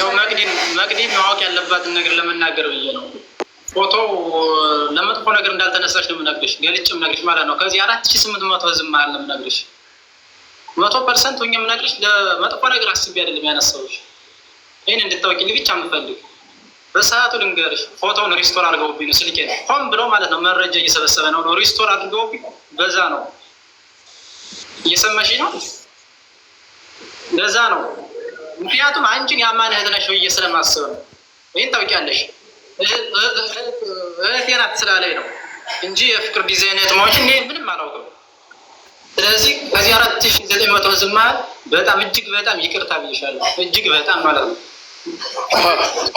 ያው መቅዲ ማወቅ ያለባትን ነገር ለመናገር ብዬ ነው። ፎቶ ለመጥፎ ነገር እንዳልተነሳች ነው የምነግርሽ፣ ገልጭ የምነግርሽ ማለት ነው። ከዚህ አራት ሺ ስምንት መቶ ህዝብ መሀል ነው የምነግርሽ። መቶ ፐርሰንት ሆኜ የምነግርሽ ለመጥፎ ነገር አስቤ አይደለም ያነሳሁሽ። ይህን እንድታወቂልኝ ብቻ የምፈልግ በሰዓቱ ልንገርሽ፣ ፎቶውን ሪስቶር አድርገውብኝ ነው ስልኬ፣ ሆን ብሎ ማለት ነው። መረጃ እየሰበሰበ ነው ነው ሪስቶር አድርገውብኝ፣ በዛ ነው እየሰማሽ ነው፣ በዛ ነው ምክንያቱም አንቺን ያማን እህት ነሽ ብዬ ስለማስብ ነው። ይህን ታውቂያለሽ። እህቴ ናት ስላለኝ ነው እንጂ የፍቅር ዲዛይን እህት መሆንሽን እኔ ምንም አላውቅም። ስለዚህ ከዚህ አራት ሺ ዘጠኝ መቶ ህዝብ በጣም እጅግ በጣም ይቅርታ ብዬሻለሁ። እጅግ በጣም ማለት ነው።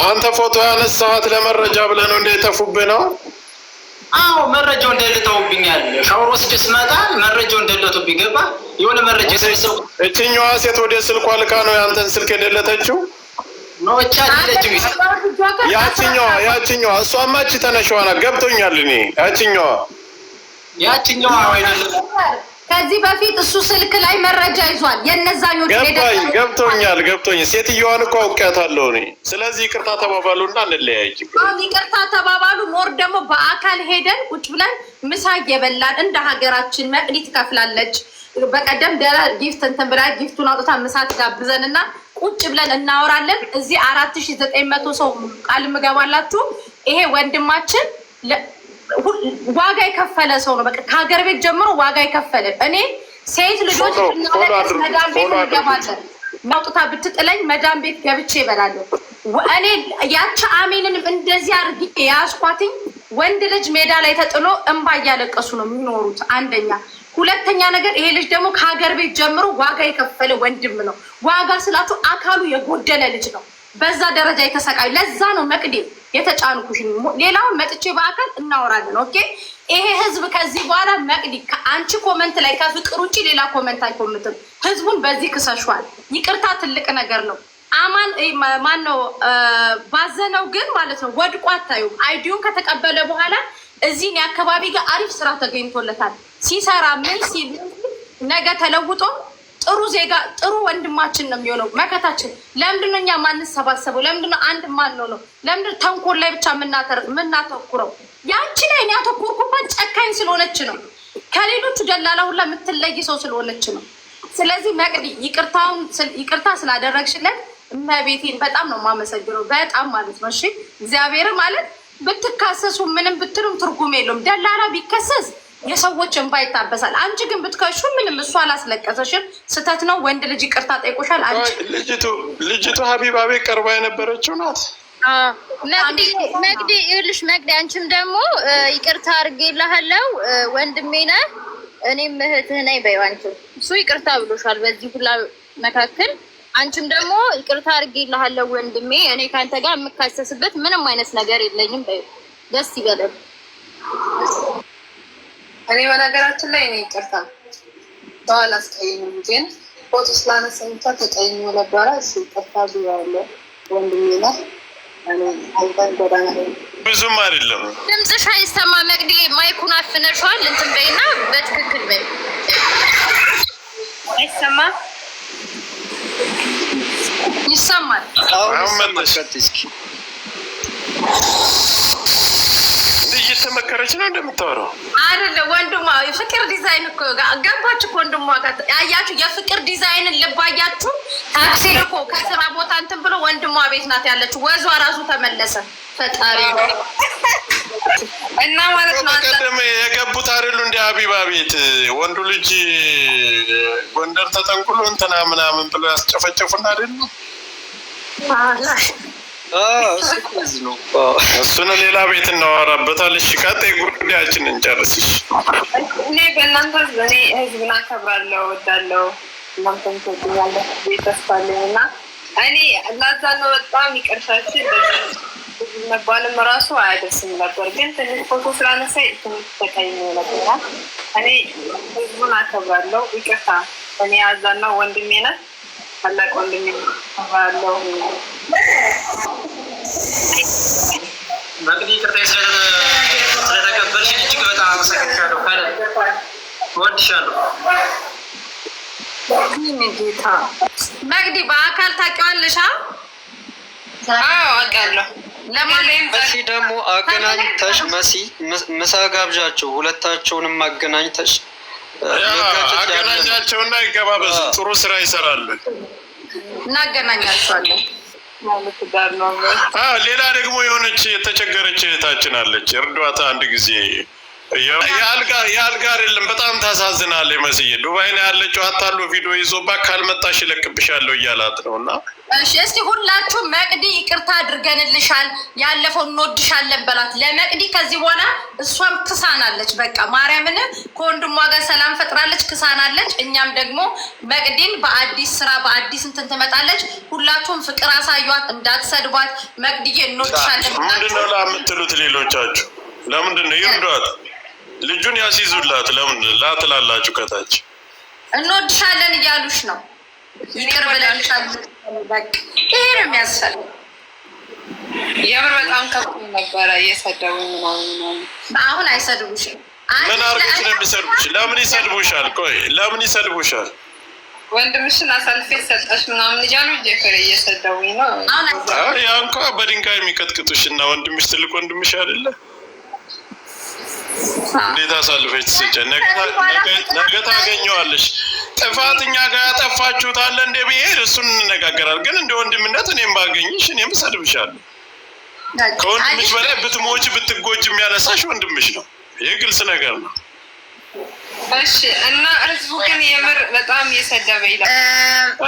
አንተ ፎቶ ያነሳት ለመረጃ ብለህ ነው እንደ የተፉብህ ነው አዎ መረጃው እንደልተውብኛል። ሻወር ወስጄ ስመጣ መረጃው እንደልተውብኝ ገባ። የሆነ መረጃ ሰው እችኛዋ ሴት ወደ ስልኳ ልካ ነው ያንተን ስልክ የደለተችው። ኖቻ አይደለችም ያችኛዋ፣ ያችኛዋ እሷማ እች ተነሽዋ ገብቶኛል እኔ ያችኛዋ፣ ያችኛዋ አይደለም ከዚህ በፊት እሱ ስልክ ላይ መረጃ ይዟል። የነዛኞች ገባኝ፣ ገብቶኛል፣ ገብቶኝ ሴትዮዋን እኮ አውቃታለሁ እኔ። ስለዚህ ይቅርታ ተባባሉ እና እንለያይ። ይቅርታ ተባባሉ። ሞር ደግሞ በአካል ሄደን ቁጭ ብለን ምሳ እየበላን እንደ ሀገራችን መቅዲ ትከፍላለች። በቀደም ደራ ጊፍት እንትን ብላ ጊፍቱን አውጥታ ምሳ ትጋብዘን እና ቁጭ ብለን እናወራለን። እዚህ አራት ሺ ዘጠኝ መቶ ሰው ቃል ምገባላችሁ ይሄ ወንድማችን ዋጋ የከፈለ ሰው ነው። በቃ ከሀገር ቤት ጀምሮ ዋጋ የከፈለ እኔ ሴት ልጆች እናለቀስ መዳን ቤት እንገባለን። ማውጥታ ብትጥለኝ መዳን ቤት ገብቼ ይበላለሁ። እኔ ያቺ አሜንንም እንደዚህ አድርጌ ያስኳትኝ ወንድ ልጅ ሜዳ ላይ ተጥሎ እምባ እያለቀሱ ነው የሚኖሩት። አንደኛ ሁለተኛ ነገር ይሄ ልጅ ደግሞ ከሀገር ቤት ጀምሮ ዋጋ የከፈለ ወንድም ነው። ዋጋ ስላቱ አካሉ የጎደለ ልጅ ነው። በዛ ደረጃ የተሰቃዩ ለዛ ነው መቅዴ የተጫንኩሽን ሌላውን መጥቼ በአካል እናወራለን። ኦኬ ይሄ ህዝብ ከዚህ በኋላ መቅዲ ከአንቺ ኮመንት ላይ ከፍቅር ውጭ ሌላ ኮመንት አይኮምትም። ህዝቡን በዚህ ክሰሿል። ይቅርታ ትልቅ ነገር ነው። አማን ማን ነው ባዘነው ግን ማለት ነው ወድቆ አታዩም። አይዲውን ከተቀበለ በኋላ እዚህ አካባቢ ጋር አሪፍ ስራ ተገኝቶለታል። ሲሰራ ምን ሲል ነገ ተለውጦ ጥሩ ዜጋ ጥሩ ወንድማችን ነው የሚሆነው መከታችን። ለምንድነው እኛ ማንሰባሰበው? ለምንድነው አንድ ማን ነው ነው? ተንኮል ላይ ብቻ የምናተኩረው? ያቺ ላይ እኔ ያተኮርኩባት ጨካኝ ስለሆነች ነው። ከሌሎቹ ደላላ ሁላ የምትለይ ሰው ስለሆነች ነው። ስለዚህ መቅዲ ይቅርታ ስላደረግሽለን እመቤቴን በጣም ነው የማመሰግነው። በጣም ማለት ነው። እሺ እግዚአብሔር ማለት ብትካሰሱ ምንም ብትሉም ትርጉም የለውም። ደላላ ቢከሰስ የሰዎች እንባ ይታበሳል። አንቺ ግን ብትከሹ ምንም እሱ አላስለቀሰሽም። ስህተት ነው። ወንድ ልጅ ይቅርታ ጠይቆሻል። ልጅቱ ሀቢባ ቤት ቀርባ የነበረችው ናት። መግዲ ይኸውልሽ፣ መግዲ አንቺም ደግሞ ይቅርታ አድርጌልሃለሁ ወንድሜ ነህ እኔም እህትህ ነኝ በይው። አንቺም እሱ ይቅርታ ብሎሻል በዚህ ሁላ መካከል አንቺም ደግሞ ይቅርታ አድርጌልሃለሁ ወንድሜ፣ እኔ ከአንተ ጋር የምካሰስበት ምንም አይነት ነገር የለኝም በይው። ደስ ይበለም። እኔ በነገራችን ላይ እኔ ይቅርታ በኋላ አስቀይምም፣ ግን ፎቶ ስላነሳ ብቻ ተቀይሞ ነበረ። እሱ ይቅርታ ብያለ ወንድሜ ነው። ብዙም አይደለም። ድምፅሽ አይሰማ መቅዲ፣ ማይኩን አፍነሸዋል። እንትን በይና በትክክል በይ። አይሰማ ይሰማል። አሁን መለሽ እየተመከረች ነው እንደምታወራው አይደለ? ወንድሟ የፍቅር ዲዛይን እኮ ገባች እኮ ወንድሟ ጋር አያችሁ፣ የፍቅር ዲዛይንን ልብ አያችሁ። ታክሲ እኮ ከስራ ቦታ እንትን ብሎ ወንድሟ ቤት ናት ያለች ወዟ ራሱ ተመለሰ። ፈጣሪ እና ማለት ነው ቀደም የገቡት አይደሉ? እንደ አቢባ ቤት ወንዱ ልጅ ጎንደር ተጠንቁሎ እንትና ምናምን ብሎ ያስጨፈጨፉና አይደሉ እሱን ሌላ ቤት እናወራበታል። እሺ፣ ቀጣይ ጉዳያችን እንጨርስ። እኔ በእናንተ እኔ ህዝብን አከብራለሁ፣ እወዳለሁ። እናንተም ትወዱኛላችሁ ተስፋ እና እኔ ላዛ ነው በጣም ይቅርታችን መባልም ራሱ አያደርስም ነበር፣ ግን ትንሽ ፎቶ ስላነሳ ትንሽ ተቀይሜ ነበራል። እኔ ህዝቡን አከብራለሁ። ይቅርታ እኔ አዛና ወንድሜ ነህ ታላቅ ወንድሜ ጌታ በአካል ታውቂዋለሽ? አዎ አውቃለሁ። መሲ ደግሞ አገናኝተሽ መሲ ምሳ ጋብዣቸው ሁለታቸውንም አገናኝተሽ አገናኛቸውና ይገባበዝ ጥሩ ስራ ይሰራሉ እናገናኛቸዋለን። ሌላ ደግሞ የሆነች የተቸገረች እህታችን አለች፣ እርዷታ አንድ ጊዜ የአልጋ አይደለም። በጣም ታሳዝናል። መስዬ ዱባይ ነው ያለችው። አታሎ ቪዲዮ ይዞባት ካልመጣሽ እለቅብሻለሁ እያላት ነው። እና እሺ እስቲ ሁላችሁ መቅዲ ይቅርታ አድርገንልሻል፣ ያለፈው እንወድሻለን በላት ለመቅዲ። ከዚህ በኋላ እሷም ክሳናለች፣ በቃ ማርያምን ከወንድሟ ጋር ሰላም ፈጥራለች፣ ክሳናለች። እኛም ደግሞ መቅዲን በአዲስ ስራ በአዲስ እንትን ትመጣለች። ሁላችሁም ፍቅር አሳዩት፣ እንዳትሰድቧት። መቅዲዬ እንወድሻለን። ምንድነው ለምትሉት ሌሎቻችሁ? ለምንድነው ነው ይርዷት ልጁን ያስይዙላት። ለምን ላትላላችሁ? ከታች እንወድሻለን እያሉሽ ነው። ይቅር ብለሻል። ይሄ ነው የሚያስፈልግ። የምር በጣም ከፍ ነበረ እየሰደቡ ምናምን። አሁን አይሰድቡሽም። ምን አርገሽ ነው የሚሰድቡሽ? ለምን ይሰድቡሻል? ቆይ ለምን ይሰድቡሻል? ወንድምሽን አሳልፌ ሰጠሽ ምናምን እያሉ ጀፈር እየሰደቡኝ ነው። ያ እንኳ በድንጋይ የሚቀጥቅጡሽ እና ወንድምሽ ትልቅ ወንድምሽ አደለ? እንዴት አሳልፈች ትሰጫ? ነገ ታገኘዋለሽ። ጥፋት እኛ ጋር ያጠፋችሁት አለ እንደ ብሄድ እሱን እንነጋገራለን። ግን እንደ ወንድምነት እኔም ባገኝሽ እኔም እሰድብሻለሁ። ከወንድምሽ በላይ ብትሞች ብትጎጅ የሚያነሳሽ ወንድምሽ ነው። ይህ ግልጽ ነገር ነው። እሺ እና ህዝቡ ግን የምር በጣም እየሰደበ ይላል።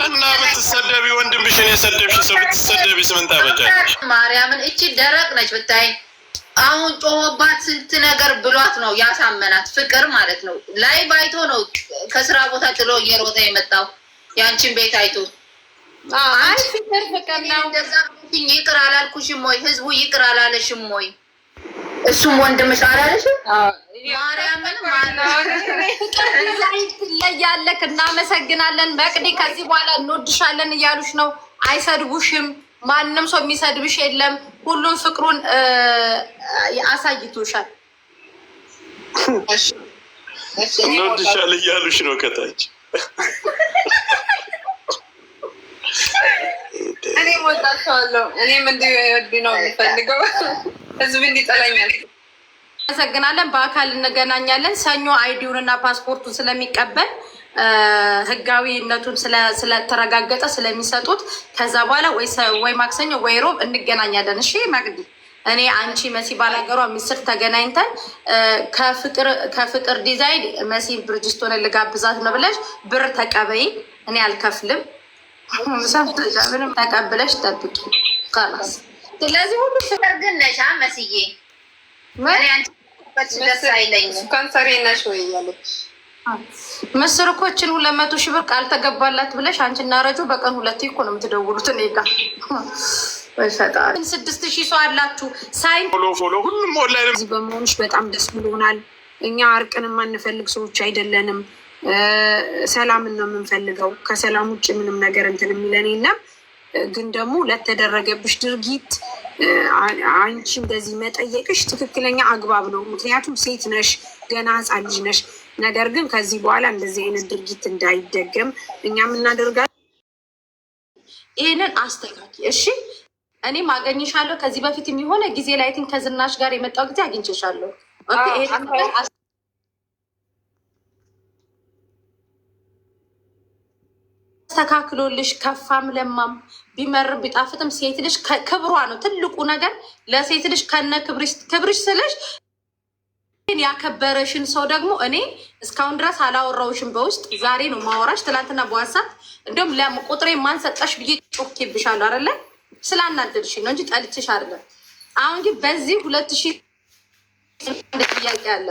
እና ብትሰደቢ ወንድምሽን የሰደብሽ ሰው ብትሰደቢ ስምንት አበጃለሽ ማርያምን። እቺ ደረቅ ነች ብታይ አሁን ጮሆባት ስንት ነገር ብሏት ነው ያሳመናት። ፍቅር ማለት ነው ላይ ባይቶ ነው ከስራ ቦታ ጥሎ እየሮጠ የመጣው የአንቺን ቤት አይቶ። አይ ፍቅር ፍቅር ነው። ይቅር አላልኩሽም ወይ ህዝቡ ይቅር አላለሽም ወይ? እሱም ወንድምሽ አላለሽም? ማርያምን ትለያለክ። እናመሰግናለን መቅዲ። ከዚህ በኋላ እንወድሻለን እያሉሽ ነው። አይሰድቡሽም ማንም ሰው የሚሰድብሽ የለም። ሁሉም ፍቅሩን አሳይቶሻል። እንወድሻል እያሉሽ ነው ከታች። እኔ ወጣቸዋለሁ። እኔም እንዲወዱ ነው የሚፈልገው ህዝብ እንዲጠላኛል። አመሰግናለን። በአካል እንገናኛለን። ሰኞ አይዲውን እና ፓስፖርቱን ስለሚቀበል ህጋዊነቱን ስለተረጋገጠ ስለሚሰጡት ከዛ በኋላ ወይ ማክሰኞ ወይ ሮብ እንገናኛለን። እሺ መግቢ እኔ አንቺ መሲ ባላገሯ ምስር ተገናኝተን ከፍቅር ዲዛይን መሲ ብርጅስቶን ልጋብዛት ነው ብለሽ ብር ተቀበይ፣ እኔ አልከፍልም። ምንም ተቀብለሽ ጠብቂ። ስለዚህ ሁሉ ፍቅር ግን ነሽ መስዬ፣ እኔ አንቺ ደስ አይለኝም። ካንሰሬ ነሽ ወይ ያለች ምስር እኮ እችን ሁለት መቶ ሺህ ብር ቃል ተገባላት ብለሽ አንቺ እናረጁ ረጆ በቀን ሁለቴ እኮ ነው የምትደውሉት። እኔ ጋ ስድስት ሺህ ሰው አላችሁ ሳይን ሁሉም ኦንላይን በመሆንሽ በጣም ደስ ብሎናል። እኛ እርቅን የማንፈልግ ሰዎች አይደለንም። ሰላምን ነው የምንፈልገው። ከሰላም ውጭ ምንም ነገር እንትን የሚለን የለም። ግን ደግሞ ለተደረገብሽ ድርጊት አንቺ እንደዚህ መጠየቅሽ ትክክለኛ አግባብ ነው። ምክንያቱም ሴት ነሽ፣ ገና ህፃ ልጅ ነሽ። ነገር ግን ከዚህ በኋላ እንደዚህ አይነት ድርጊት እንዳይደገም እኛም እናደርጋለን። ይህንን አስተካኪ እሺ። እኔም አገኝሻለሁ። ከዚህ በፊት የሆነ ጊዜ ላይትን ከዝናሽ ጋር የመጣው ጊዜ አግኝቼሻለሁ። አስተካክሎልሽ ከፋም ለማም ቢመር ቢጣፍጥም ሴት ልጅ ክብሯ ነው ትልቁ ነገር። ለሴት ልጅ ከነ ክብርሽ ስለሽ ያከበረሽን ሰው ደግሞ እኔ እስካሁን ድረስ አላወራውሽም። በውስጥ ዛሬ ነው ማወራሽ። ትላንትና በዋሳት እንደውም ለቁጥሬ ማንሰጣሽ ብዬ ጮኬብሻለሁ አይደለ? ስላናደድሽ ነው እንጂ ጠልቼሽ አይደለም። አሁን ግን በዚህ ሁለት ሺ አንድ ጥያቄ አለ።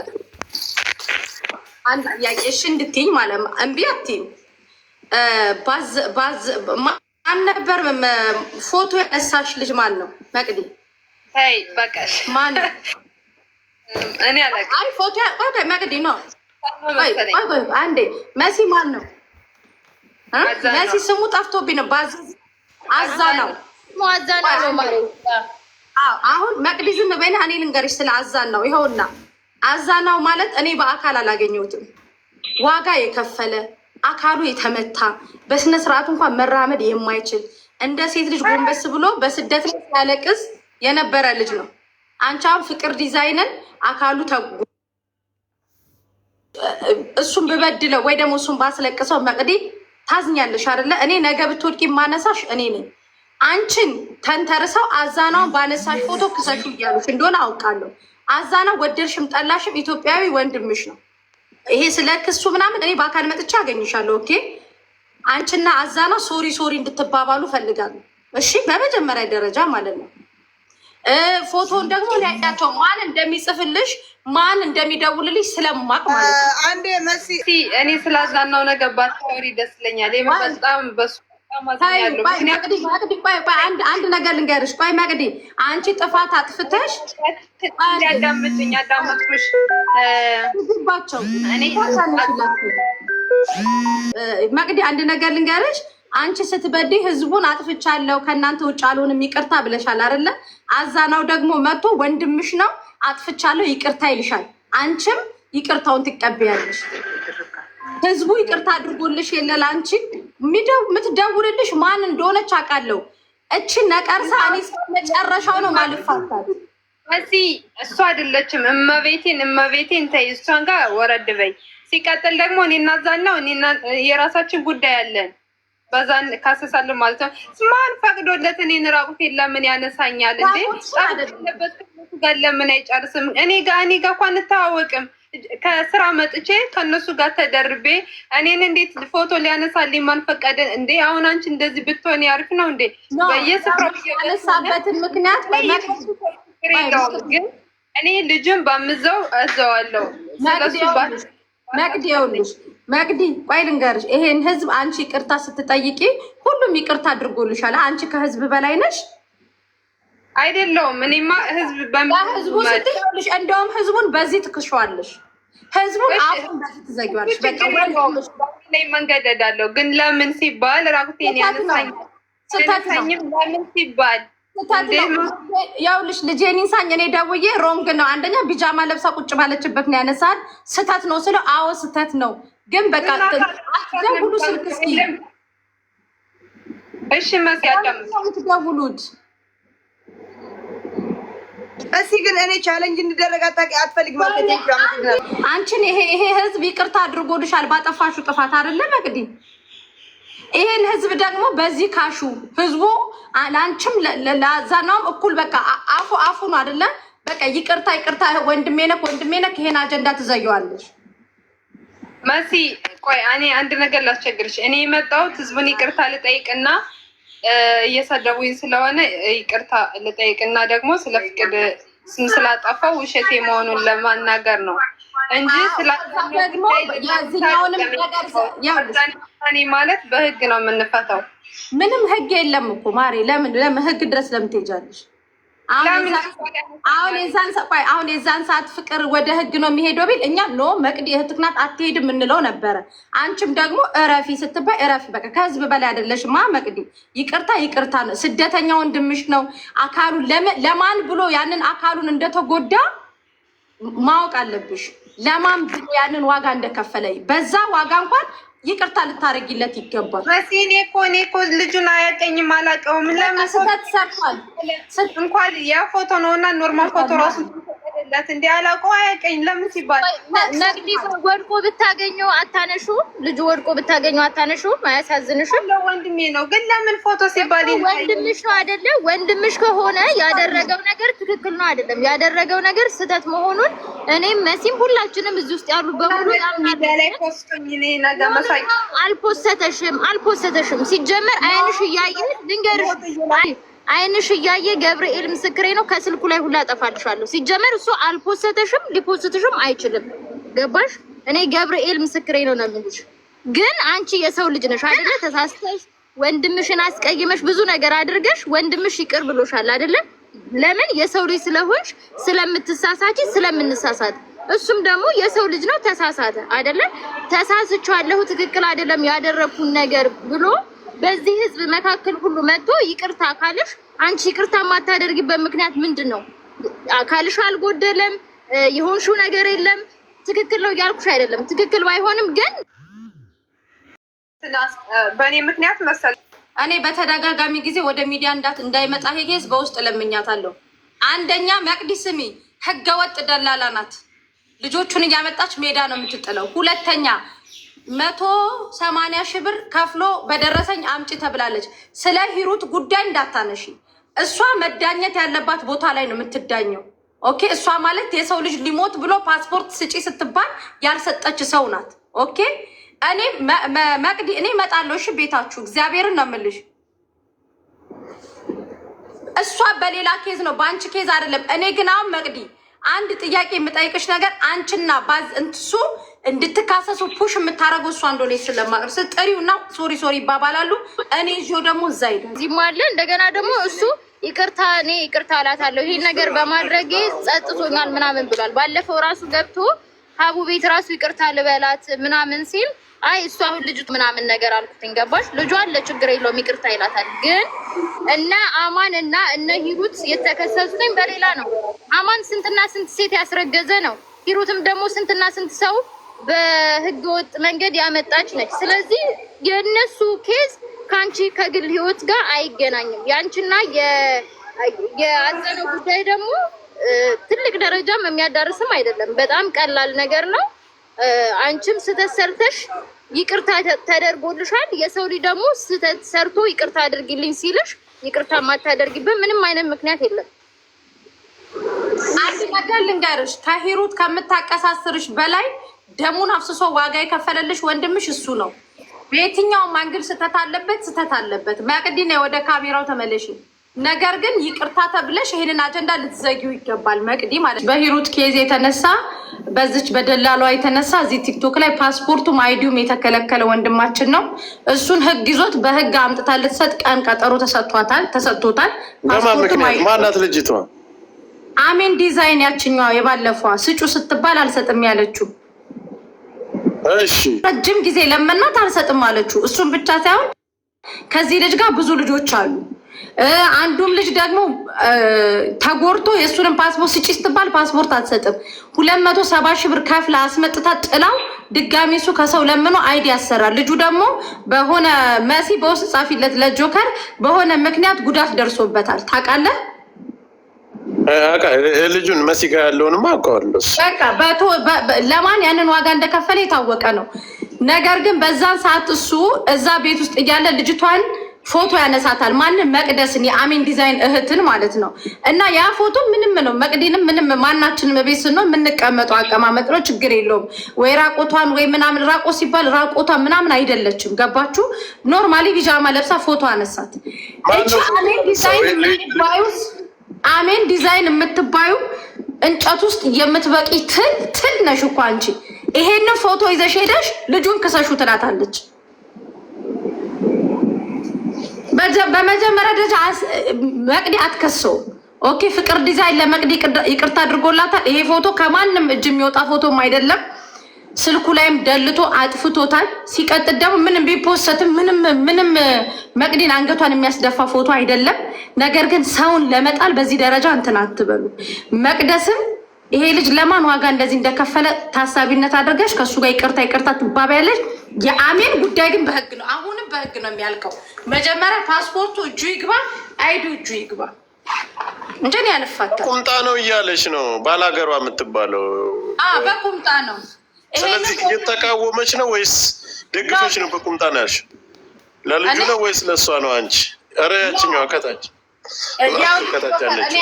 አንድ ጥያቄ እሺ እንድትይኝ ማለት ነው። እምቢ አትይም። ማን ነበር ፎቶ ያነሳሽ ልጅ? ማን ነው መቅዲ? በቃ ማን ነው እኔ አንዴ መሲ ማን ነው? መሲ ስሙ ጠፍቶብኝ ነው። አዛ ነው አሁን መቅዲ ዝም በይና፣ እኔ ልንገርሽ ስለ አዛን ነው። ይኸውና አዛናው ማለት እኔ በአካል አላገኘሁትም። ዋጋ የከፈለ አካሉ የተመታ በስነ ስርዓቱ እንኳን መራመድ የማይችል እንደ ሴት ልጅ ጎንበስ ብሎ በስደት ላይ ሲያለቅስ የነበረ ልጅ ነው። አንቺ አሁን ፍቅር ዲዛይንን አካሉ ተጉ እሱን ብበድለው ወይ ደግሞ እሱን ባስለቅሰው መቅዲ ታዝኛለሽ አይደለ? እኔ ነገ ብትወድቂ ማነሳሽ እኔ ነኝ። አንቺን ተንተርሰው አዛናውን ባነሳሽ ፎቶ ክሰሹ እያሉሽ እንደሆነ አውቃለሁ። አዛናው ወደድሽም ጠላሽም ኢትዮጵያዊ ወንድምሽ ነው። ይሄ ስለ ክሱ ምናምን እኔ በአካል መጥቼ አገኝሻለሁ። ኦኬ አንቺና አዛና ሶሪ ሶሪ እንድትባባሉ ፈልጋለሁ። እሺ በመጀመሪያ ደረጃ ማለት ነው። ፎቶን ደግሞ እኔ ማን እንደሚጽፍልሽ ማን እንደሚደውልልሽ ስለማቅ ማለት ነው። አንዴ መሲ እኔ ስላዝናናው ነገር ባታወሪ ደስ ይለኛል። በጣም በሱ አንድ ነገር ልንገርሽ። ቆይ መቅዲ፣ አንቺ ጥፋት አጥፍተሽ ያዳምጥኝ ያዳምጥኩሽ መቅዲ፣ አንድ ነገር ልንገርሽ አንቺ ስትበድ ህዝቡን አጥፍቻለሁ ከእናንተ ውጭ አልሆንም ይቅርታ ብለሻል አይደለ? አዛናው ደግሞ መጥቶ ወንድምሽ ነው አጥፍቻለሁ ይቅርታ ይልሻል። አንቺም ይቅርታውን ትቀበያለሽ። ህዝቡ ይቅርታ አድርጎልሽ የለል አንቺ የምትደውልልሽ ማን እንደሆነች አውቃለሁ። እቺ ነቀርሳ እኔ መጨረሻው ነው ማልፋታል። እዚህ እሱ አይደለችም። እመቤቴን እመቤቴን ተይ፣ እሷን ጋር ወረድ በይ። ሲቀጥል ደግሞ እኔና ዛናው የራሳችን ጉዳይ አለን በዛን ካሰሳለሁ ማለት ነው። ማን ፈቅዶለት እኔን ራቁቴን ለምን ያነሳኛል እንዴ? ጣለበት ጋር ለምን አይጨርስም? እኔ ጋ እኔ ጋ እኳ አንተዋወቅም። ከስራ መጥቼ ከእነሱ ጋር ተደርቤ እኔን እንዴት ፎቶ ሊያነሳልኝ ማን ፈቀደ እንዴ? አሁን አንቺ እንደዚህ ብትሆን ያርፍ ነው እንዴ? በየስፍራው ያነሳበትን ምክንያት ግን እኔ ልጅም በምዘው እዘዋለሁ ስለሱ ባ ይኸውልሽ መግዲ ቆይ ልንገርሽ፣ ይሄን ህዝብ አንቺ ይቅርታ ስትጠይቂ ሁሉም ይቅርታ አድርጎልሻል። አንቺ ከህዝብ በላይ ነሽ። አይደለውም። እኔማ ህዝብ በህዝቡ ስትልሽ፣ እንደውም ህዝቡን በዚህ ትክሸዋለሽ። ህዝቡ አሁን በዚህ ትዘጊዋለሽ። ላይ መንገድ ዳለው ግን ለምን ሲባል ራቁቴን ያነሳኛል። ለምን ሲባል ይኸውልሽ ልጄን ይንሳኝ። እኔ ደውዬ ሮንግ ነው አንደኛ ቢጃማ ለብሳ ቁጭ ባለችበት ነው ያነሳል። ስህተት ነው ስለው አዎ ስህተት ነው ግን በቃ አትደውሉ ስልክ እስኪ እሺ መስ ያዳምትደውሉት እስኪ ግን እኔ ቻለንጅ እንድደረግ አታውቂ አትፈልግ ማለት አንቺን ይሄ ይሄ ህዝብ ይቅርታ አድርጎልሻል ባጠፋሹ ጥፋት አይደለ መቅዲ ይሄን ህዝብ ደግሞ በዚህ ካሹ ህዝቡ ለአንቺም ለዛናውም እኩል በቃ አፉ አፉ ነው አይደለ በቃ ይቅርታ ይቅርታ ወንድሜ ነክ ወንድሜ ነክ ይሄን አጀንዳ ትዘየዋለች መሲ ቆይ እኔ አንድ ነገር ላስቸግርሽ። እኔ የመጣሁት ህዝቡን ይቅርታ ልጠይቅና እየሰደቡኝ ስለሆነ ይቅርታ ልጠይቅና ደግሞ ስለ ፍቅድ ስም ስላጠፋው ውሸቴ መሆኑን ለማናገር ነው እንጂ ስላደግሞኔ ማለት በህግ ነው የምንፈታው። ምንም ህግ የለም እኮ ማሬ። ለምን ለምን ህግ ድረስ ለምን ትሄጃለሽ? አሁን የዛን አሁን የዛን ሰዓት ፍቅር ወደ ህግ ነው የሚሄደው ቢል እኛ ኖ መቅድ እህትህ ናት አትሄድም እንለው ነበረ። አንቺም ደግሞ እረፊ ስትባይ እረፊ በቃ ከህዝብ በላይ አይደለሽማ መቅድ። ይቅርታ ይቅርታ ነው። ስደተኛ ወንድምሽ ነው። አካሉ ለማን ብሎ ያንን አካሉን እንደተጎዳ ማወቅ አለብሽ። ለማን ብሎ ያንን ዋጋ እንደከፈለ በዛ ዋጋ እንኳን ይቅርታ ልታደርጊለት ይገባል። መሲኔ እኮ እኔ እኮ ልጁን አያውቀኝም አላውቀውም። ለምን ስህተት ሰርቷል እንኳን ያ ፎቶ ነው እና ኖርማል ፎቶ ራሱ አለላት እንዲ አላውቀው አያውቀኝ ለምን ሲባል ነግዲ ወድቆ ብታገኘው አታነሹም? ልጁ ወድቆ ብታገኘው አታነሹም? አያሳዝንሽም? ወንድሜ ነው ግን ለምን ፎቶ ሲባል ወንድምሽ አይደለ? ወንድምሽ ከሆነ ያደረገው ነገር ትክክል ነው አይደለም? ያደረገው ነገር ስህተት መሆኑን እኔም መሲም ሁላችንም እዚህ ውስጥ ያሉ በሙሉ አልፖሰተሽም አልፖሰተሽም። ሲጀመር አይንሽ እያየ ልንገርሽ አይንሽ እያየ ገብርኤል ምስክሬ ነው። ከስልኩ ላይ ሁላ አጠፋልሻለሁ። ሲጀመር እሱ አልፖሰተሽም ሊፖሰትሽም አይችልም። ገባሽ? እኔ ገብርኤል ምስክሬ ነው ነው የምልሽ። ግን አንቺ የሰው ልጅ ነሽ አይደለ? ተሳስተሽ ወንድምሽን አስቀይመሽ ብዙ ነገር አድርገሽ ወንድምሽ ይቅር ብሎሻል አይደለ? ለምን የሰው ልጅ ስለሆንሽ ስለምትሳሳች ስለምንሳሳት እሱም ደግሞ የሰው ልጅ ነው ተሳሳተ አይደለ? ተሳስቻለሁ፣ ትክክል አይደለም ያደረኩን ነገር ብሎ በዚህ ህዝብ መካከል ሁሉ መጥቶ ይቅርታ ካልሽ፣ አንቺ ይቅርታ የማታደርጊበት ምክንያት ምንድን ነው? አካልሽ አልጎደለም፣ የሆንሽው ነገር የለም። ትክክል ነው እያልኩሽ አይደለም፣ ትክክል ባይሆንም ግን በእኔ ምክንያት መሰል እኔ በተደጋጋሚ ጊዜ ወደ ሚዲያ እንዳት እንዳይመጣ ሄጌዝ በውስጥ ለምኛታለሁ። አንደኛ መቅዲ ስሚ፣ ህገወጥ ደላላ ናት። ልጆቹን እያመጣች ሜዳ ነው የምትጥለው። ሁለተኛ መቶ ሰማንያ ሺህ ብር ከፍሎ በደረሰኝ አምጪ ተብላለች። ስለ ሂሩት ጉዳይ እንዳታነሺ። እሷ መዳኘት ያለባት ቦታ ላይ ነው የምትዳኘው። ኦኬ። እሷ ማለት የሰው ልጅ ሊሞት ብሎ ፓስፖርት ስጪ ስትባል ያልሰጠች ሰው ናት። ኦኬ። እኔ መቅዲ እኔ እመጣለሁ። እሺ፣ ቤታችሁ እግዚአብሔርን ነው የምልሽ። እሷ በሌላ ኬዝ ነው በአንቺ ኬዝ አይደለም። እኔ ግን አሁን መቅዲ አንድ ጥያቄ የምጠይቅሽ ነገር አንቺና ባዝ እንትሱ እንድትካሰሱ ፑሽ የምታደረጉ እሷ እንደሆነ ስለማቅር ስጠሪው እና ሶሪ ሶሪ ይባባላሉ። እኔ ዞ ደግሞ እዛ ሄዱ አለ። እንደገና ደግሞ እሱ ይቅርታ እኔ ይቅርታ እላታለሁ ይህን ነገር በማድረጌ ጸጥቶኛል ምናምን ብሏል። ባለፈው ራሱ ገብቶ ሀቡ ቤት ራሱ ይቅርታ ልበላት ምናምን ሲል አይ እሱ አሁን ልጅ ምናምን ነገር አልኩትኝ። ገባሽ? ልጁ አለ ችግር የለውም ይቅርታ ይላታል። ግን እነ አማን እና እነ ሂሩት የተከሰሱትኝ በሌላ ነው። አማን ስንትና ስንት ሴት ያስረገዘ ነው። ሂሩትም ደግሞ ስንትና ስንት ሰው በህገወጥ መንገድ ያመጣች ነች። ስለዚህ የእነሱ ኬዝ ከአንቺ ከግል ህይወት ጋር አይገናኝም። የአንቺና የአዘነ ጉዳይ ደግሞ ትልቅ ደረጃም የሚያዳርስም አይደለም። በጣም ቀላል ነገር ነው። አንቺም ስህተት ሰርተሽ ይቅርታ ተደርጎልሻል። የሰው ልጅ ደግሞ ስህተት ሰርቶ ይቅርታ አድርግልኝ ሲልሽ ይቅርታ ማታደርጊበት ምንም አይነት ምክንያት የለም። አንድ ነገር ልንገርሽ ከሂሩት ከምታቀሳስርሽ በላይ ደሙን አፍስሶ ዋጋ የከፈለልሽ ወንድምሽ እሱ ነው። በየትኛውም አንግል ስህተት አለበት፣ ስህተት አለበት። መቅዲን ወደ ካሜራው ተመለሽ። ነገር ግን ይቅርታ ተብለሽ ይህንን አጀንዳ ልትዘጊው ይገባል። መቅዲ ማለት በሂሩት ኬዝ የተነሳ በዚች በደላሏ የተነሳ እዚህ ቲክቶክ ላይ ፓስፖርቱም አይዲውም የተከለከለ ወንድማችን ነው። እሱን ህግ ይዞት በህግ አምጥታ ልትሰጥ ቀን ቀጠሮ ተሰጥቷታል ተሰጥቶታል። ማናት ልጅቷ? አሜን ዲዛይን ያችኛዋ የባለፈዋ ስጩ ስትባል አልሰጥም ያለችው ረጅም ጊዜ ለመናት አልሰጥም አለችው። እሱን ብቻ ሳይሆን ከዚህ ልጅ ጋር ብዙ ልጆች አሉ። አንዱም ልጅ ደግሞ ተጎድቶ የእሱንም ፓስፖርት ስጪ ስትባል ፓስፖርት አትሰጥም። ሁለት መቶ ሰባ ሺህ ብር ከፍላ አስመጥታ ጥላው ድጋሚ እሱ ከሰው ለምኖ አይዲ ያሰራል። ልጁ ደግሞ በሆነ መሲ በውስጥ ጻፊለት ለጆከር በሆነ ምክንያት ጉዳት ደርሶበታል ታውቃለህ። ልጁን መሲ ጋ ያለውንማ አውቀዋለሁ። ለማን ያንን ዋጋ እንደከፈለ የታወቀ ነው። ነገር ግን በዛን ሰዓት እሱ እዛ ቤት ውስጥ እያለ ልጅቷን ፎቶ ያነሳታል። ማንም መቅደስን የአሜን ዲዛይን እህትን ማለት ነው። እና ያ ፎቶ ምንም ነው መቅዲንም ምንም ማናችንም ቤት ስንሆን የምንቀመጠው አቀማመጥ ነው። ችግር የለውም ወይ ራቆቷን ወይ ምናምን ራቆ ሲባል ራቆቷ ምናምን አይደለችም። ገባችሁ? ኖርማሊ ቢጃማ ለብሳ ፎቶ አነሳት። እቺ ዲዛይን ባዩስ አሜን ዲዛይን የምትባዩ እንጨት ውስጥ የምትበቂ ትል ትል ነሽ እኮ አንቺ። ይሄንን ፎቶ ይዘሽ ሄደሽ ልጁን ክሰሹ ትላታለች። በመጀመሪያ ደረጃ መቅዲ አትከሰው። ኦኬ ፍቅር ዲዛይን ለመቅዲ ይቅርታ አድርጎላታል። ይሄ ፎቶ ከማንም እጅ የሚወጣ ፎቶም አይደለም። ስልኩ ላይም ደልቶ አጥፍቶታል። ሲቀጥል ደግሞ ምንም ቢፖስትም ምንም ምንም መቅዲን አንገቷን የሚያስደፋ ፎቶ አይደለም። ነገር ግን ሰውን ለመጣል በዚህ ደረጃ እንትን አትበሉ። መቅደስም ይሄ ልጅ ለማን ዋጋ እንደዚህ እንደከፈለ ታሳቢነት አድርገሽ ከእሱ ጋር ይቅርታ ይቅርታ ያለች የአሜን ጉዳይ ግን በህግ ነው፣ አሁንም በህግ ነው የሚያልቀው። መጀመሪያ ፓስፖርቱ እጁ ይግባ፣ አይዱ እጁ ይግባ። እንደኔ ያልፋታል። ቁምጣ ነው እያለች ነው ባላገሯ የምትባለው በቁምጣ ነው ስለዚህ እየተቃወመች ነው ወይስ ደግፈች ነው? በቁምጣ ነው ያልሽ? ለልጁ ነው ወይስ ለእሷ ነው? አንቺ ኧረ ያችኛዋ ከታች እኔ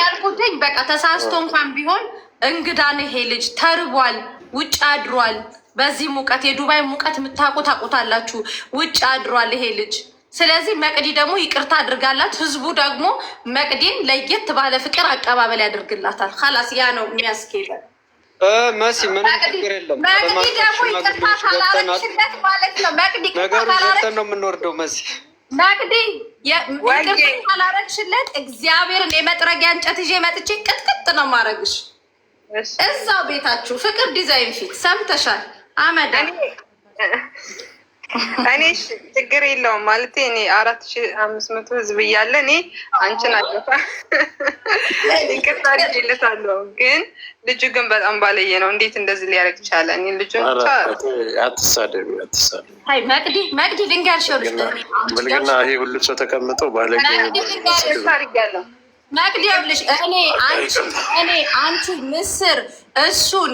ያልኩትኝ በቃ ተሳስቶ እንኳን ቢሆን እንግዳ ነው ይሄ ልጅ ተርቧል፣ ውጭ አድሯል። በዚህ ሙቀት የዱባይ ሙቀት የምታውቁ ታውቁታላችሁ። ውጭ አድሯል ይሄ ልጅ። ስለዚህ መቅዲ ደግሞ ይቅርታ አድርጋላት። ህዝቡ ደግሞ መቅዲን ለየት ባለ ፍቅር አቀባበል ያደርግላታል። ላስ ያ ነው የሚያስኬደን መሲ ምንም ችግር የለም። ነገሩ ዘተን ነው የምንወርደው። መሲ መቅዲ ካላረግሽለት እግዚአብሔርን የመጥረጊያ እንጨት ይዤ መጥቼ ቅጥቅጥ ነው ማረግሽ እዛው ቤታችሁ ፍቅር ዲዛይን ፊት ሰምተሻል አመዳ እኔ ችግር የለውም ማለት እኔ አራት ሺ አምስት መቶ ህዝብ እያለ እኔ አንቺን አለፋ ይቅርታ ልለታለሁ። ግን ልጁ ግን በጣም ባለየ ነው። እንዴት እንደዚህ ሊያደርግ ይቻለ? እኔ ልጁ አትሳደቢ፣ አትሳደቢ መቅዲ ልንገርሽ፣ ብልግና ይሄ ሁሉ ሰው ተቀምጠው ባለጌ ልንገርሽ መቅዲ ብልሽ እኔ አንቺ እኔ አንቺ ምስር እሱን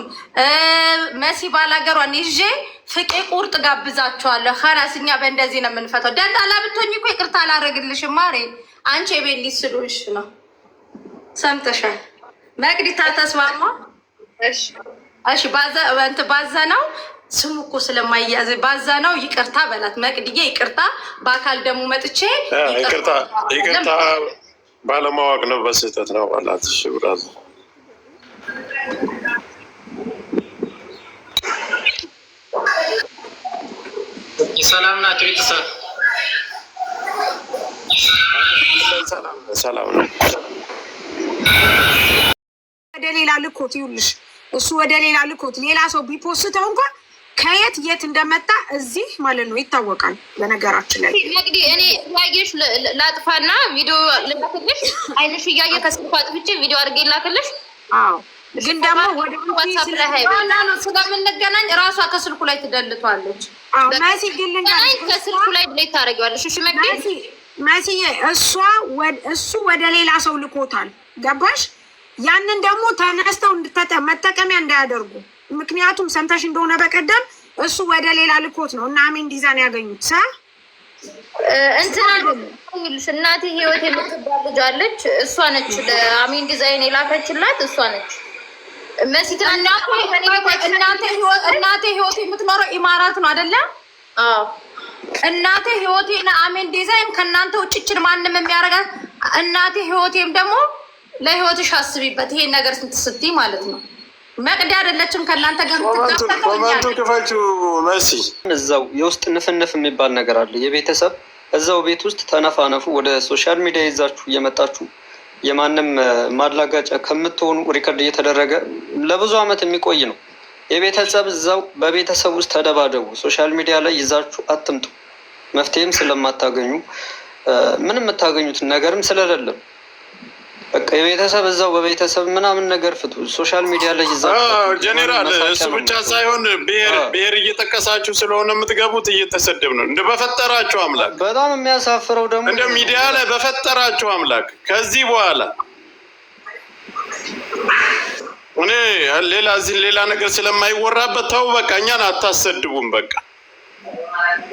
መሲ ባላገሯን ይዤ ፍቄ ቁርጥ ጋብዛቸዋለሁ። ከላስ እኛ በእንደዚህ ነው የምንፈታው። ደላላ ብትሆኝ እኮ ይቅርታ አላደርግልሽም። ማሬ አንቺ የቤት ሊስሉሽ ነው። ሰምተሻል መቅዲ ታተስማማ? እሺ ባዘ ነው ስሙ እኮ ስለማያዝ ባዛ ነው። ይቅርታ በላት መቅድዬ፣ ይቅርታ በአካል ደግሞ መጥቼ ይቅርታ ባለማወቅ ነው፣ በስህተት ነው ባላት እሺ ብራዘር ሰላም ናቸው። ቤተሰብ ሰላም ነው። ወደ ሌላ ልኮት ይኸውልሽ፣ እሱ ወደ ሌላ ልኮት ሌላ ሰው ቢፖስተው እንኳን ከየት የት እንደመጣ እዚህ ማለት ነው ይታወቃል። በነገራችን ላይ እንግዲህ እኔ ያየሽ ላጥፋና ቪዲዮ ልላክልሽ፣ አይነሽ እያየ ከስልኩ አጥፍቼ ቪዲዮ አድርጌ ላክልሽ። ግን ደግሞ ስለምንገናኝ እራሷ ከስልኩ ላይ ትደልቷለች። መሲ ከስልኩ ላይ ብላይ ታደርጊዋለሽ። እሺ መሲዬ፣ እሷ እሱ ወደ ሌላ ሰው ልኮታል። ገባሽ? ያንን ደግሞ ተነስተው መጠቀሚያ እንዳያደርጉ ምክንያቱም ሰምተሽ እንደሆነ በቀደም እሱ ወደ ሌላ ልኮት ነው እና አሜን ዲዛን ያገኙት ሳ እንትና እናቴ ህይወት የምትባል ልጅ አለች። እሷ ነች ለአሜን ዲዛይን የላከችላት እሷ ነች። እናቴ ህይወት የምትኖረው ኢማራት ነው አደለ? እናቴ ህይወቴን አሜን ዲዛይን ከእናንተ ውጭችን ማንም የሚያደርጋት እናቴ ህይወቴም ደግሞ ለህይወትሽ አስቢበት ይሄን ነገር ስንት ስትይ ማለት ነው መቅዲ አይደለችም። ከእናንተ ጋር ኮመንቱን መሲ እዛው የውስጥ ንፍንፍ የሚባል ነገር አለ የቤተሰብ እዛው ቤት ውስጥ ተነፋነፉ። ወደ ሶሻል ሚዲያ ይዛችሁ እየመጣችሁ የማንም ማላጋጫ ከምትሆኑ ሪከርድ እየተደረገ ለብዙ አመት የሚቆይ ነው። የቤተሰብ እዛው በቤተሰብ ውስጥ ተደባደቡ። ሶሻል ሚዲያ ላይ ይዛችሁ አትምጡ። መፍትሄም ስለማታገኙ ምንም የምታገኙት ነገርም ስለሌለም በቃ የቤተሰብ እዛው በቤተሰብ ምናምን ነገር ፍቱ። ሶሻል ሚዲያ ላይ ይዛ ጀኔራል፣ እሱ ብቻ ሳይሆን ብሔር እየጠቀሳችሁ ስለሆነ የምትገቡት እየተሰደብ ነው። እንደ በፈጠራችሁ አምላክ፣ በጣም የሚያሳፍረው ደግሞ እንደ ሚዲያ ላይ በፈጠራችሁ አምላክ፣ ከዚህ በኋላ እኔ ሌላ እዚህ ሌላ ነገር ስለማይወራበት ተው፣ በቃ እኛን አታሰድቡም። በቃ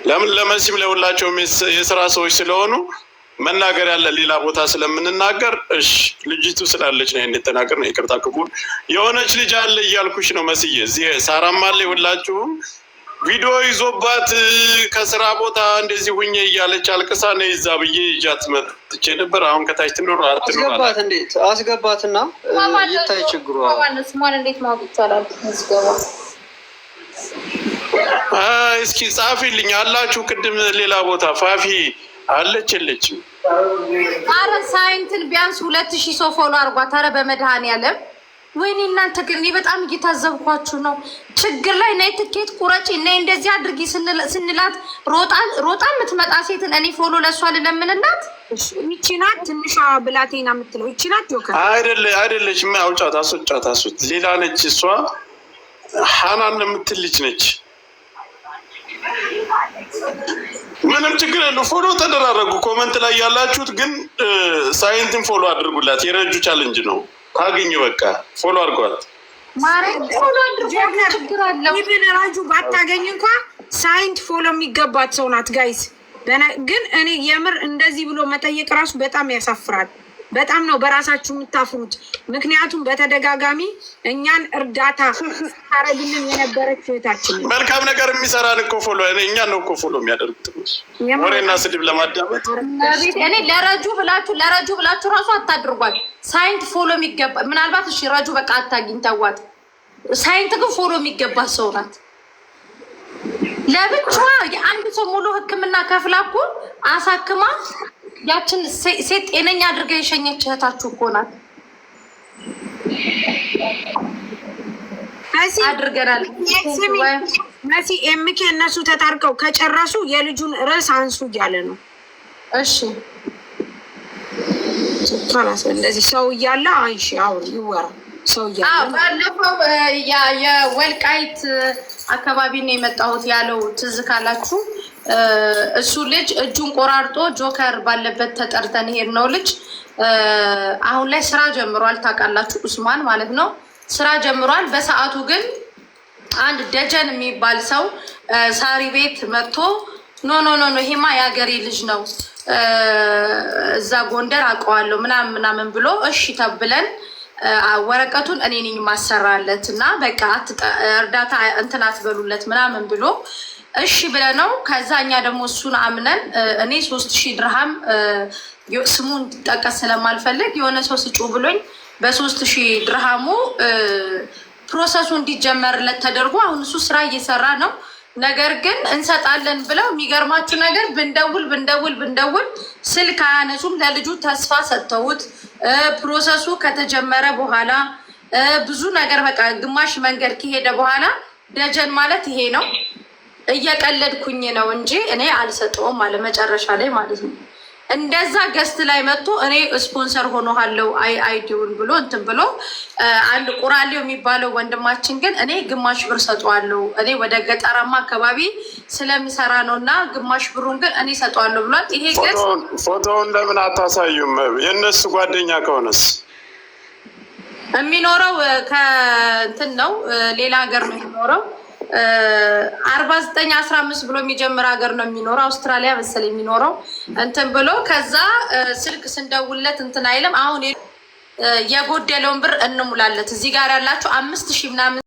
ለምን ለመሲም ለሁላቸውም የስራ ሰዎች ስለሆኑ መናገር ያለ ሌላ ቦታ ስለምንናገር እሽ ልጅቱ ስላለች ነው የተናገር ነው። ይቅርታ ክቡር የሆነች ልጅ አለ እያልኩሽ ነው መስዬ እዚህ ሳራም አለ የሁላችሁም ቪዲዮ ይዞባት ከስራ ቦታ እንደዚህ ሁኜ እያለች አልቅሳ ነ ይዛ ብዬ ይዣት መጥቼ ነበር። አሁን ከታች ትኖር አትኖርአስገባት እንዴት አስገባትና ይታይ ችግሩ እስኪ ጻፊልኝ አላችሁ ቅድም ሌላ ቦታ ፋፊ አለች የለችም? አረ ሳይንትን ቢያንስ ሁለት ሺህ ሰው ፎሎ አርጓት። አረ በመድኃኒዓለም ወይኔ እናንተ ግን እኔ በጣም እየታዘብኳችሁ ነው። ችግር ላይ ነይ ትኬት ቁረጪ እና እንደዚህ አድርጊ ስንላት ሮጣ የምትመጣ ሴትን እኔ ፎሎ ለሷ ልለምንላት። ይቺ ትንሿ ብላቴና የምትለው ይቺ ናት። ጆከር አይደለችም። አውጫት፣ አስወጫት፣ አስወት ሌላ ነች እሷ። ሀናን የምትል ልጅ ነች ምንም ችግር የለው። ፎሎ ተደራረጉ። ኮመንት ላይ ያላችሁት ግን ሳይንትን ፎሎ አድርጉላት። የረጁ ቻለንጅ ነው። ታገኝ በቃ ፎሎ አድርጓት። ረጁ ባታገኝ እንኳ ሳይንት ፎሎ የሚገባት ሰው ናት። ጋይስ ግን እኔ የምር እንደዚህ ብሎ መጠየቅ ራሱ በጣም ያሳፍራል። በጣም ነው በራሳችሁ የምታፍሩት። ምክንያቱም በተደጋጋሚ እኛን እርዳታ ታረግልን የነበረች እህታችን መልካም ነገር የሚሰራን እኮ ፎሎ እኛን ነው እኮ ፎሎ የሚያደርጉት ወሬና ስድብ ለማዳመጥ። እኔ ለረጁ ብላችሁ ለረጁ ብላችሁ ራሱ አታድርጓል። ሳይንት ፎሎ የሚገባ ምናልባት እሺ፣ ረጁ በቃ አታግኝ ተዋት። ሳይንት ግን ፎሎ የሚገባ ሰው ናት። ለብቻዋ የአንድ ሰው ሙሉ ሕክምና ከፍላ እኮ አሳክማ ያችን ሴት ጤነኛ አድርጋ የሸኘች እህታችሁ እኮ ናት። አድርገናል መሲ ኤምኬ እነሱ ተታርቀው ከጨረሱ የልጁን ርዕስ አንሱ እያለ ነው። እሺ እንደዚህ ሰው እያለ አንሺ አሁን ይወራል ባለፈው የወልቃይት አካባቢ ነው የመጣሁት ያለው ትዝ ካላችሁ እሱ ልጅ እጁን ቆራርጦ ጆከር ባለበት ተጠርተን ሄድ ነው ልጅ አሁን ላይ ስራ ጀምሯል። ታውቃላችሁ ኡስማን ማለት ነው ስራ ጀምሯል። በሰዓቱ ግን አንድ ደጀን የሚባል ሰው ሳሪ ቤት መጥቶ ኖ ኖ ኖ ኖ ይሄማ የሀገሬ ልጅ ነው እዛ ጎንደር አውቀዋለሁ ምናምን ምናምን ብሎ እሺ ተብለን ወረቀቱን እኔ ነኝ ማሰራለት እና በቃ እርዳታ እንትን አትበሉለት ምናምን ብሎ እሺ ብለ ነው። ከዛ እኛ ደግሞ እሱን አምነን እኔ ሶስት ሺህ ድርሃም ስሙ እንዲጠቀስ ስለማልፈልግ የሆነ ሰው ስጩ ብሎኝ በሶስት ሺህ ድርሃሙ ፕሮሰሱ እንዲጀመርለት ተደርጎ አሁን እሱ ስራ እየሰራ ነው። ነገር ግን እንሰጣለን ብለው የሚገርማችሁ ነገር ብንደውል ብንደውል ብንደውል ስልክ አያነሱም። ለልጁ ተስፋ ሰጥተውት ፕሮሰሱ ከተጀመረ በኋላ ብዙ ነገር በቃ ግማሽ መንገድ ከሄደ በኋላ ደጀን ማለት ይሄ ነው እየቀለድኩኝ ነው እንጂ እኔ አልሰጠውም አለ መጨረሻ ላይ ማለት ነው። እንደዛ ገስት ላይ መጥቶ እኔ ስፖንሰር ሆኖሃለው አይዲውን ብሎ እንትን ብሎ አንድ ቁራሌው የሚባለው ወንድማችን ግን እኔ ግማሽ ብር ሰጠዋለሁ እኔ ወደ ገጠራማ አካባቢ ስለምሰራ ነው እና ግማሽ ብሩን ግን እኔ ሰጠዋለሁ ብሏል። ይሄ ፎቶውን ለምን አታሳዩም? የእነሱ ጓደኛ ከሆነስ የሚኖረው ከእንትን ነው ሌላ ሀገር ነው የሚኖረው አርባ ዘጠኝ አስራ አምስት ብሎ የሚጀምር ሀገር ነው የሚኖረው አውስትራሊያ መሰለኝ የሚኖረው እንትን ብሎ ከዛ ስልክ ስንደውለት እንትን አይልም። አሁን የጎደለውን ብር እንሙላለት እዚህ ጋር ያላችሁ አምስት ሺህ ምናምን